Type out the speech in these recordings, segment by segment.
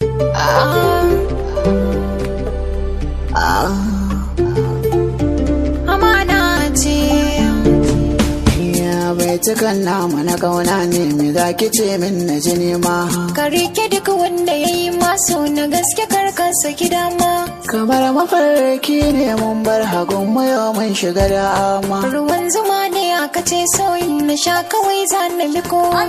Amana Ya bai namu na kauna ne me za ki ce min na ji Ka rike duk wanda ya yi maso na gaske karka saki dama. Kamar mafarki ne mun bar hagun mu yau mun shiga da ama. Ruwan zuma ne aka ce sauyin na sha kawai zanen likoma.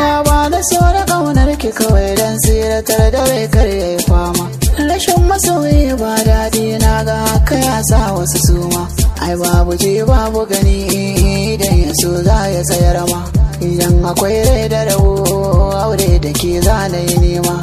Ya ba da sauran ki kawai dan tsiratar da bai karya fama rashin masoyi ba daɗi na ga haka ya sa wasu suma ai babu ji babu gani idan ya so za ya sayar ma idan akwai rai da rawo aure da ke za nema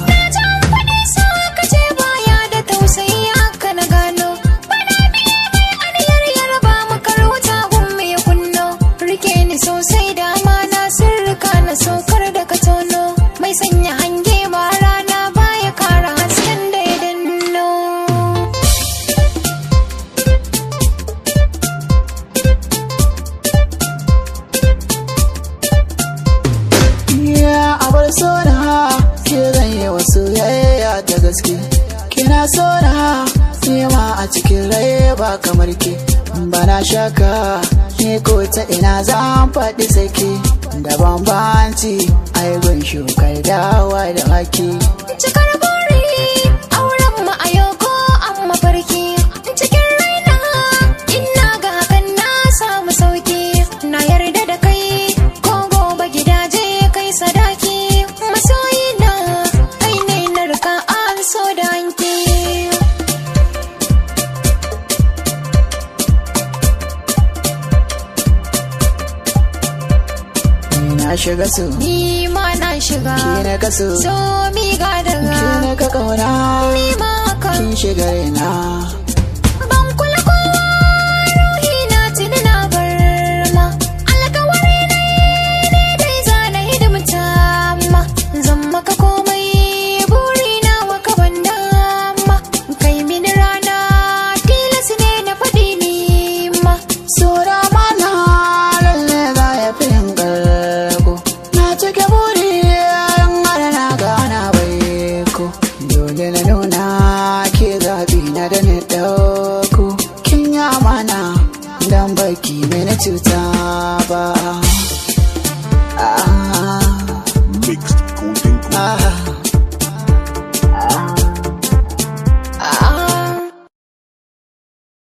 cikin rai ba kamar ke bana shaka ne ko ta ina zan faɗi sake da bambanci ai gun shukar dawa da haki na shiga su ni ma na shiga ki na kasu so mi ga daga ki na ka kauna ni ma ka kin shiga na ki bai na cuta ba